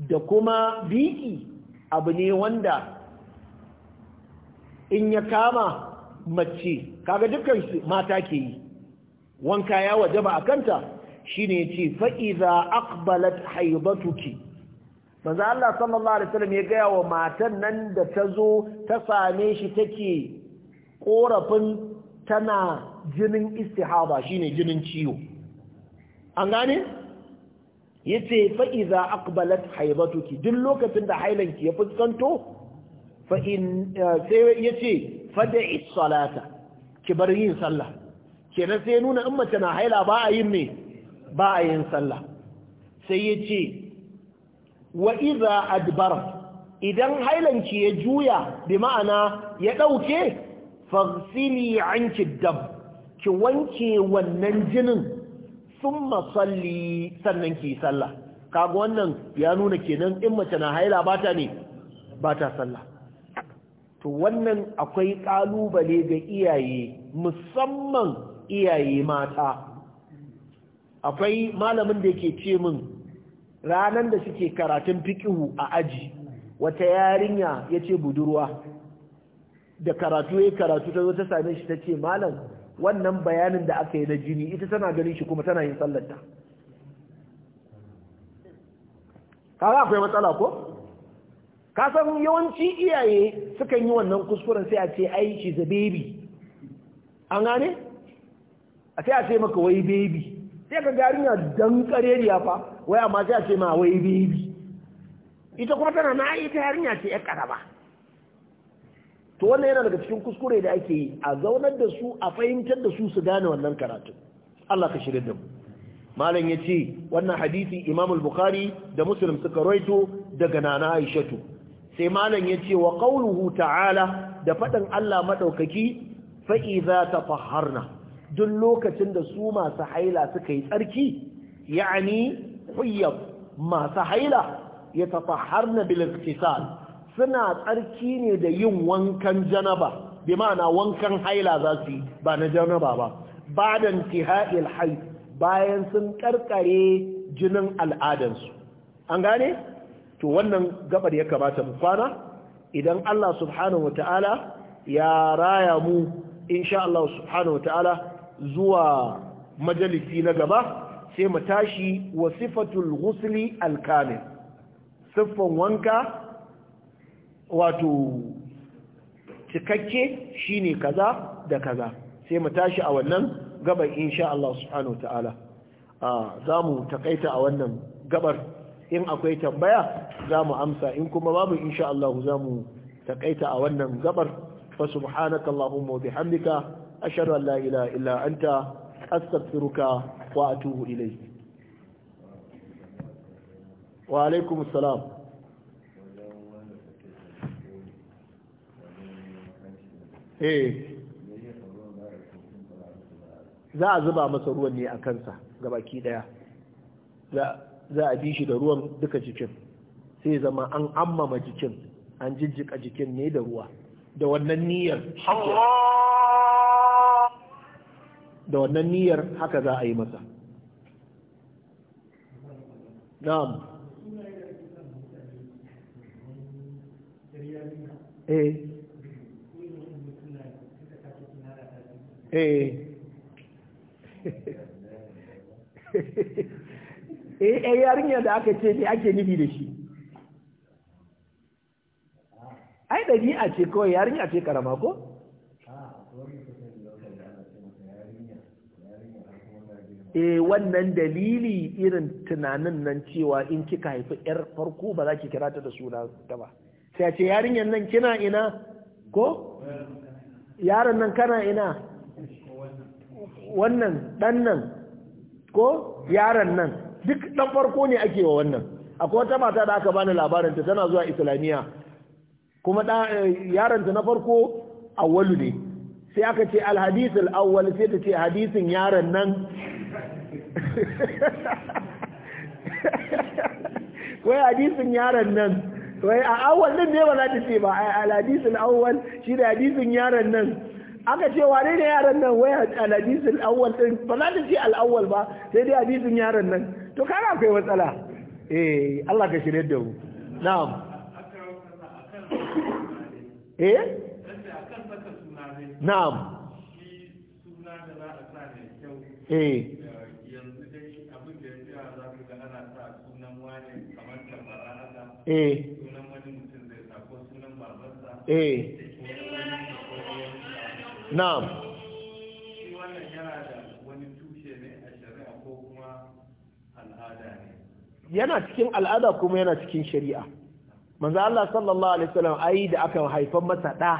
Speaker 1: da kuma biki abu ne wanda in ya kama mace kaga dukkan mata ke yi wanka ya wajaba a kanta shine yace fa idza aqbalat haibatuki maza Allah sallallahu alaihi wasallam ya gaya wa matan nan da ta zo ta same shi take korafin tana jinin istihaba Shi ne jinin ciwo an gane Ya ce, Fa'iza aqbalat Haibatuki. duk lokacin da hailanki ya fuskanto eh, Sai ya ce yace is salata ki bar yin sallah kenan sai nuna in mace na haila ba a yin me ba a yin sallah sai ya ce wa iza adbar idan hailanki ya juya bi ma'ana ya ɗauke fagsili anki dam ki wanke wannan jinin sun masalli sannan ki sallah kaga wannan ya nuna kenan in mace na haila ba ta ne ba ta sallah to wannan akwai ƙalubale ga iyaye musamman iyaye mata akwai malamin da ke ce min ranar da suke karatun fikihu a aji wata yarinya ya ce budurwa da karatu ya karatu ta zo ta same shi ta ce malam wannan bayanin da aka yi na jini ita tana ganin shi kuma tana yin tsallata kawai akwai matsala ko? kasan yawanci iyaye sukan yi wannan kuskuren sai a ce aiki shi the baby an gane? a sai a ce maka wai baby sai ka gari na dan kareriya fa wai amma sai a ce ma wai baby ita kuma tana na ta yarinya ce ya karaba to wannan yana daga cikin kuskure da ake yi a zaunar da su a fahimtar da su su gane wannan karatu Allah ka shirin da mu malam yace wannan hadisi Imam al-Bukhari da Muslim suka rawaito daga Nana Aishatu sai malam yace wa qawluhu ta'ala da fadan Allah madaukaki fa iza tafaharna duk lokacin da su masu haila suka yi tsarki ya'ani huyyab masu haila ya har na iktisal suna tsarki ne da yin wankan janaba bi ma'ana wankan haila za su yi ba na janaba ba badan tihail bayan sun karkare jinin al'adansu an gane to wannan gabar ya kamata mu kwana idan Allah subhanahu ta'ala ya raya mu insha Allah subhanahu ta'ala. zuwa majalisi na gaba sai mu tashi wa sifatul ghusli alkamil siffan wanka wato cikakke shine kaza da kaza sai mu tashi a wannan gabar insha Allah subhanahu ta'ala za mu takaita a wannan gabar in akwai tambaya za mu amsa in kuma babu insha Allah za mu takaita a wannan gabar fa subhanakallahumma wa bihamdika ashhadu an la ilaha illa anta astaghfiruka wa atubu wa alaikum salam eh za a zuba masa ruwan ne a kansa gabaki daya za a bi shi da ruwan duka jikin sai zama an ammama jikin an jijjika jikin ne da ruwa da wannan niyyar Allah da wannan niyyar haka za a yi masa na'am eh eh eh, eh yarinya da aka ce ne ake nufi da shi ai a ce kawai yarinya ce karama ko ah, eh wannan dalili irin tunanin nan cewa in kika haifi yar farko ba za ki kira ta da suna ta ba sai a ce yarinyar nan kina ina ko yaron nan kana ina wannan dan nan ko yaron nan duk dan farko ne ake wa wannan akwai wata mata da aka bani labarin ta tana zuwa islamiya kuma da eh, yaron ta na farko awwalu ne sai aka ce alhadithul al-awwal sai ta ce hadisin yaron nan wai hadisin yaron nan wai a awal din ne ba za ta ce ba a hadisin awal shi da hadisin yaron nan aka ce wane ne yaron nan wai a hadisin awwal din ba za ta ce al'awal ba sai dai hadisin yaron nan to kana akwai matsala eh Allah ka shirye da mu na'am eh na'am eh eh eh na'am yana cikin al'ada kuma yana cikin shari'a manzo Allah sallallahu alaihi wasallam ai da aka haifan masa da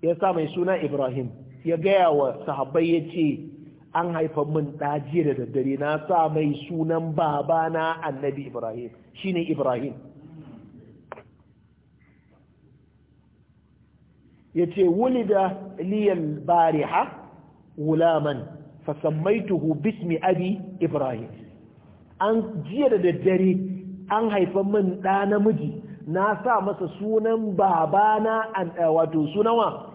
Speaker 1: ya sa mai suna Ibrahim ya gaya wa sahabbai ce an haifan min da jiya da daddare na sa mai sunan babana annabi Ibrahim shine Ibrahim yace wulida liyal bariha gulaman fasammaituhu bismi abi ibrahim an jiya da daddare an haifa min ɗa namiji na sa masa sunan babana eh, wato sunawa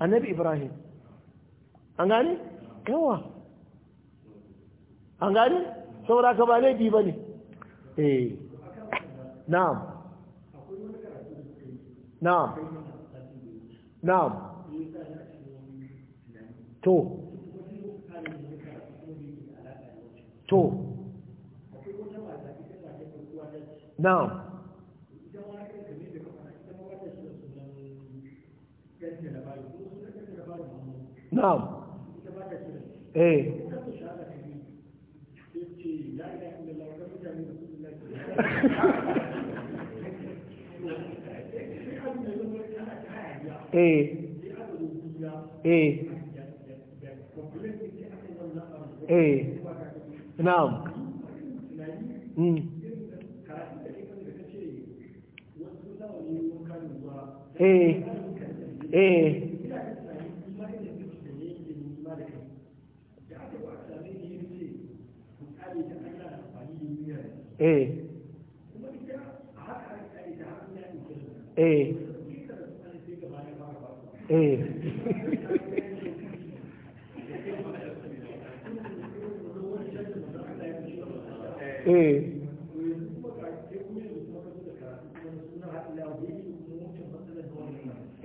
Speaker 1: annabi ibrahim an gani? yawa an gani? saboda ka ba laifi ba ne eh na'am na'am na'am to to na'am na'am eh eh eh eh na'am hmm. eh eh eh eh Eh. Eh.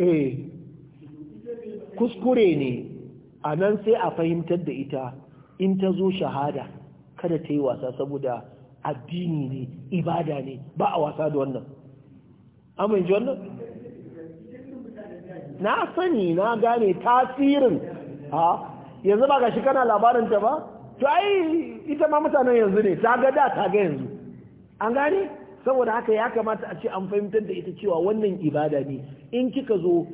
Speaker 1: eh kuskure ne a nan sai a fahimtar da ita in ta zo shahada kada ta yi wasa saboda addini ne ibada ne ba a wasa da wannan amince wannan na sani na gane tasirin ha yanzu ba ga shi kana labarin ta ba to ai ita ma mutanen yanzu ne ta ga da ta ga yanzu an gane saboda haka ya kamata a ce an fahimtar da ita cewa wannan ibada ne in kika zo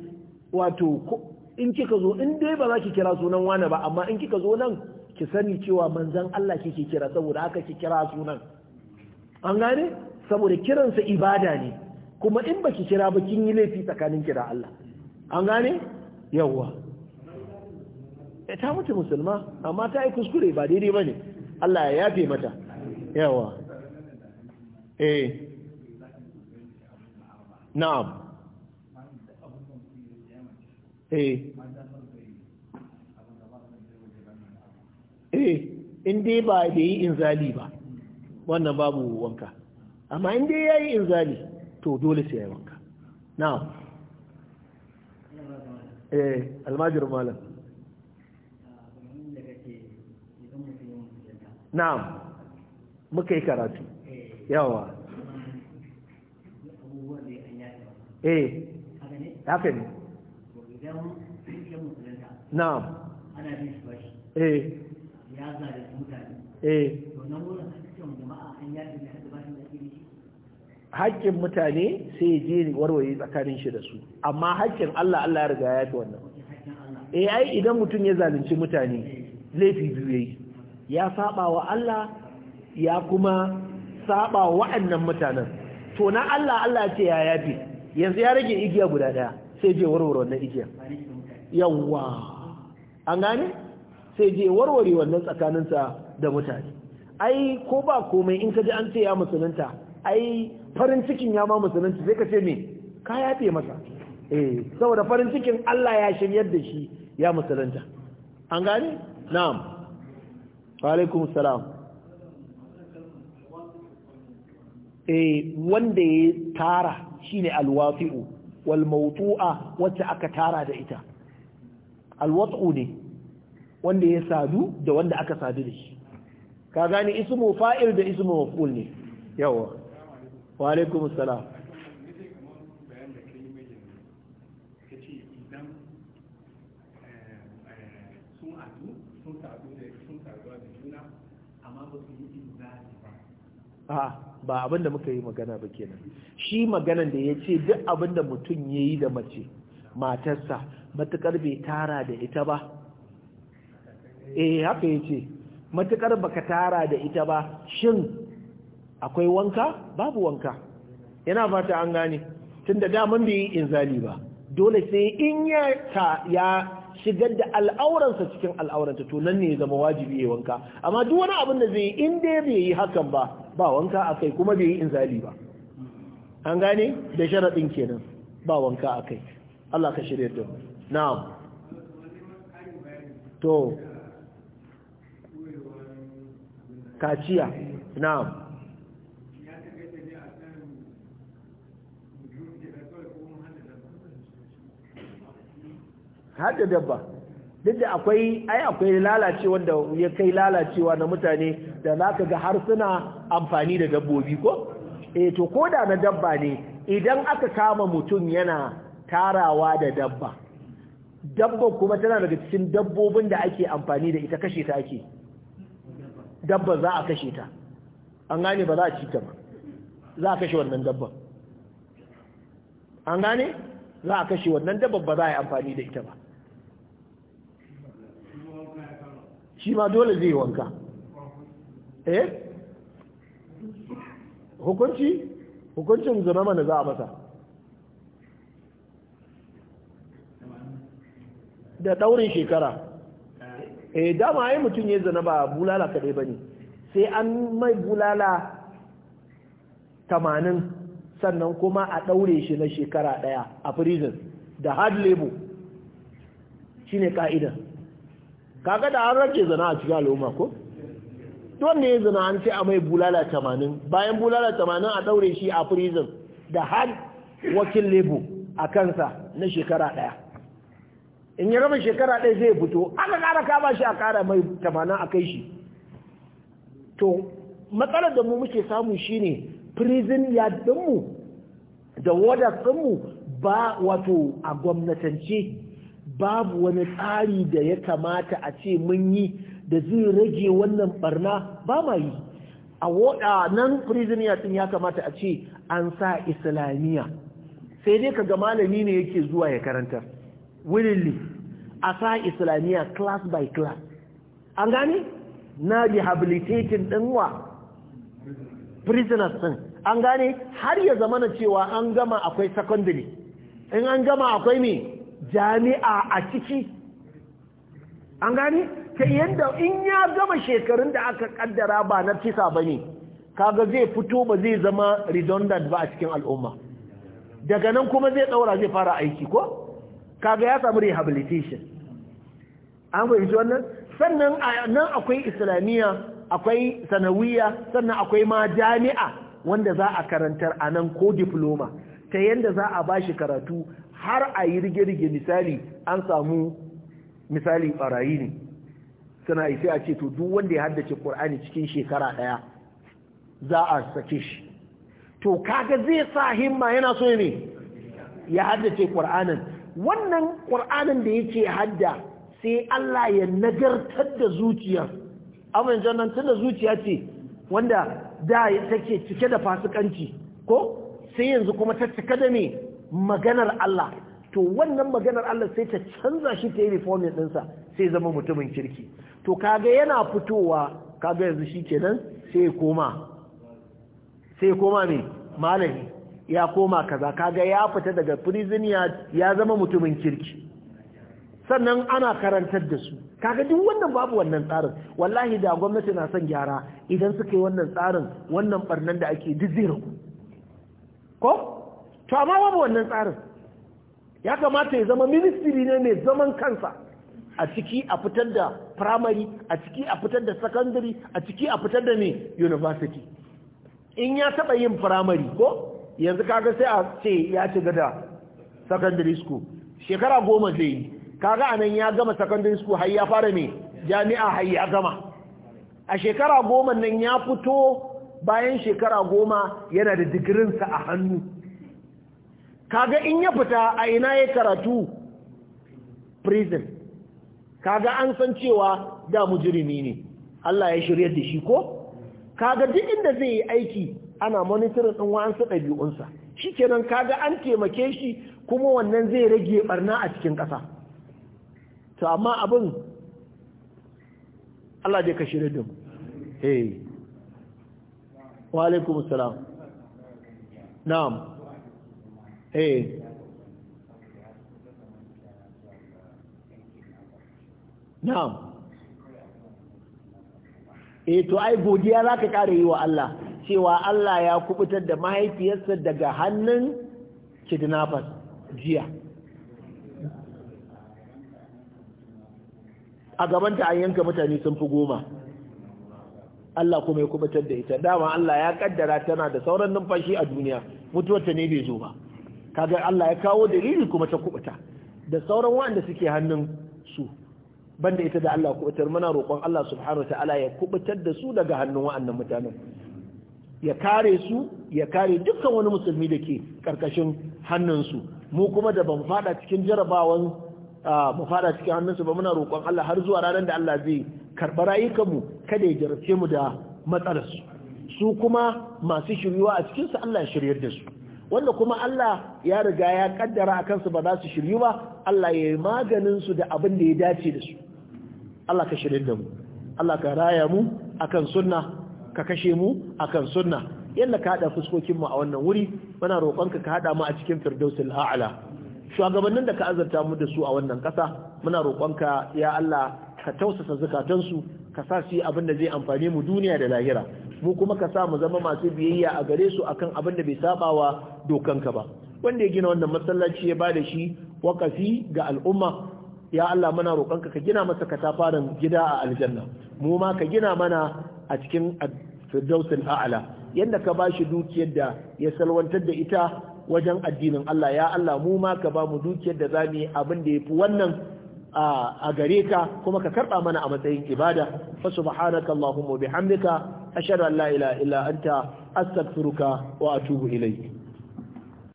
Speaker 1: wato in kika zo in dai ba za ki kira sunan wani ba amma in kika zo nan ki sani cewa manzan Allah kike kira saboda haka ki kira sunan an gane saboda kiransa ibada ne kuma in baki kira ba kin yi laifi tsakanin kira Allah an gane yawwa ya eh, ta mutu musulma amma ta yi kuskure ba daidai ba ne Allah ya yafe mata yawwa eh na'am eh eh in dai ba da yi inzali ba wannan babu wanka amma in dai ya yi inzali to dole sai ya yi wanka na'am eh almajir malam na'am muka yi karatu yawa eh haka ne na'am ana bin eh. ya haƙƙin mutane sai ya je warware tsakanin shi da su amma haƙƙin Allah Allah ya riga ya fi wannan eh ai idan mutum ya zalunci mutane laifi biyu yayi ya saba wa Allah ya kuma saba wa waɗannan mutanen to na Allah Allah ce ya yafi yanzu ya rage igiya guda daya sai je warware wannan igiya yawa an gane sai je warware wannan tsakaninsa da mutane ai ko ba komai in ka ji an ce ya musulunta ai farin cikin ya ma musulunci sai ka ce me ka yafe masa eh saboda farin cikin Allah ya shiryar da shi ya musulunta an gane na'am wa alaikum salam eh wanda ya tara shine alwafi'u wal mawtu'a wacce aka tara da ita alwat'u ne wanda ya sadu da wanda aka sadu da shi ka gane ismu fa'il da ismu maf'ul ne yawa wa salam ah, ba abin da muka yi magana ba kenan shi maganan da ya ce duk abin da mutum ya yi da mace matarsa matukar bai tara da ita ba eh haka ya ce matukar baka tara da ita ba shin akwai wanka babu wanka yana fata an gane tunda daman bai yi inzali ba dole sai in ya ta ya shigar da al'auransa cikin al'auranta to nan ne ya zama wajibi ya wanka amma duk wani abin da zai yi in dai bai yi hakan ba ba wanka akai kuma bai yi inzali ba an gane da sharadin kenan ba wanka akai Allah ka shirye da mu na'am to kaciya na'am hada dabba duk da akwai ai akwai lalacewa da ya kai lalacewa na mutane da zaka ga har suna amfani da dabbobi ko eh to koda na dabba ne idan aka kama mutum yana tarawa da dabba dabba kuma tana daga cikin dabbobin da ake amfani da ita kashe ta ake dabba za a kashe ta an gane ba za a ci ta ba za a kashe wannan dabba an gane za a kashe wannan dabba ba za a yi amfani da ita ba shi ma dole zai wanka eh hukunci hukuncin mana za a masa da ɗaurin shekara eh dama ai mutum ya zana ba bulala kaɗai ba ne sai an mai bulala tamanin sannan kuma a ɗaure shi na shekara ɗaya a prison da hard labor shine ka'idar kaga da an rage zana a cikin al'umma ko don ne zana an ce a mai bulala tamanin bayan bulala tamanin a daure shi a prison da had wakil lebo a kansa na shekara ɗaya in ya rama shekara ɗaya zai fito aka ƙara kama shi a ƙara mai tamanin a kai shi to matsalar da mu muke samu shine prison ya dinmu da wadatsinmu ba wato a gwamnatance babu wani tsari da ya kamata a ce mun yi da zai rage wannan barna ba ma yi a nan prisoner din ya kamata a ce an sa islamiyya sai dai kaga malami ne yake zuwa ya karanta willingly a sa islamiyya class by class an gane na rehabilitating din wa prisoners din an gane har ya zamana cewa an gama akwai secondary in an gama akwai me jami'a a ciki an gani ta yadda in ya gama shekarun da aka kaddara ba na fisa ba ne kaga zai fito ba zai zama redundant ba a cikin al'umma daga nan kuma zai daura zai fara aiki ko kaga ya samu rehabilitation an fahimci wannan sannan nan akwai islamiyya akwai sanawiya sannan akwai ma jami'a wanda za a karantar a nan ko diploma ta yadda za a bashi karatu har a yi rige-rige misali an samu misali barayi ne suna sai a ce to duk wanda ya haddace ƙur'ani cikin shekara ɗaya za a sake shi to kaga zai sa himma yana so ne ya haddace ƙur'anin wannan ƙur'anin da yake hadda sai Allah ya nagartar da zuciya amin jannan tun da zuciya ce wanda da take cike da fasikanci ko sai yanzu kuma ta cika da me maganar Allah to wannan maganar Allah sai ta canza shi ta yi reformin ɗinsa sai zama mutumin kirki to kaga yana fitowa kaga yanzu shi kenan sai koma sai koma ne malami ya koma kaza kaga ya fita daga prison ya zama mutumin kirki sannan ana karantar da su kaga duk wannan babu wannan tsarin wallahi da gwamnati na son gyara idan suka yi wannan tsarin wannan barnan da ake duk zai ko to amma babu wannan tsarin ya kamata ya zama ministry ne mai zaman kansa a ciki a fitar da primary a ciki a fitar da secondary a ciki a fitar da ne university in ya taba yin primary ko yanzu kaga sai a ce ya ci da secondary school shekara goma zai yi kaga anan ya gama secondary school har ya fara ne jami'a har ya gama a shekara goma nan ya fito bayan shekara goma yana da digirinsa a hannu kaga in ya fita a ina ya karatu prison kaga an san cewa da mujirimi ne Allah ya shirya da shi ko kaga duk inda zai yi aiki ana monitor din wa'ansu ɗabi'unsa shikenan kaga an taimake shi kuma wannan zai rage barna a cikin ƙasa to amma abin Allah zai ka shirya da mu eh wa alaikumus na'am eh na'am eh to ai godiya zaka kare yi wa Allah cewa Allah ya kubutar da mahaifiyarsa daga hannun kidnappers jiya a gaban ta an yanka mutane sun fi goma Allah kuma ya kubutar da ita dama Allah ya kaddara tana da sauran numfashi a duniya mutuwarta ne bai zo ba kaga Allah ya kawo dalili kuma ta kubuta da sauran wanda suke hannun su banda ita da Allah kubutar muna roƙon Allah subhanahu ta'ala ya kubutar da su daga hannun wa'annan mutanen ya kare su ya kare dukkan wani musulmi da ke karkashin hannunsu mu kuma da ban fada cikin jarabawan mu fada cikin su ba muna roƙon Allah har zuwa ranar da Allah zai rayukan mu kada ya jarabce mu da matsalarsu su kuma masu shiryuwa a cikinsu Allah ya shiryar da su wanda kuma Allah ya riga ya kaddara a kansu ba za su shiryu ba Allah ya yi maganin su da abin da ya dace da su Allah ka shirin da mu Allah ka raya mu akan sunna ka kashe mu akan sunna yanda ka hada fuskokin mu a wannan wuri muna roƙonka ka hada mu a cikin firdausul a'la shugabannin da ka azarta mu da su a wannan ƙasa muna roƙonka ya Allah ka tausasa zakatansu ka sa su yi abin da zai amfane mu duniya da lahira mu kuma ka sa mu zama masu biyayya a gare su akan abin da bai saba wa dokanka ba wanda ya gina wannan masallaci ya bada shi wakafi ga al'umma ya Allah muna roƙonka ka gina masa katafaren gida a aljanna mu ma ka gina mana a cikin firdausul a'la yanda ka bashi dukiyar da ya salwantar da ita wajen addinin Allah ya Allah mu ma ka ba mu dukiyar da zamu yi abin da yafi wannan a gare ka kuma ka karɓa mana a matsayin ibada fa subhanaka allahumma bihamdika ashhadu an la ilaha illa anta astaghfiruka wa atubu ilayk